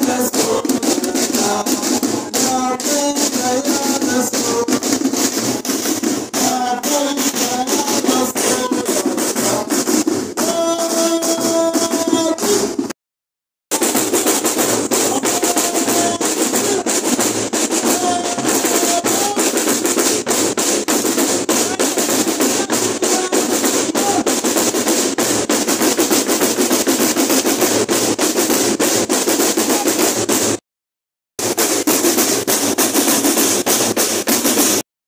Let's go.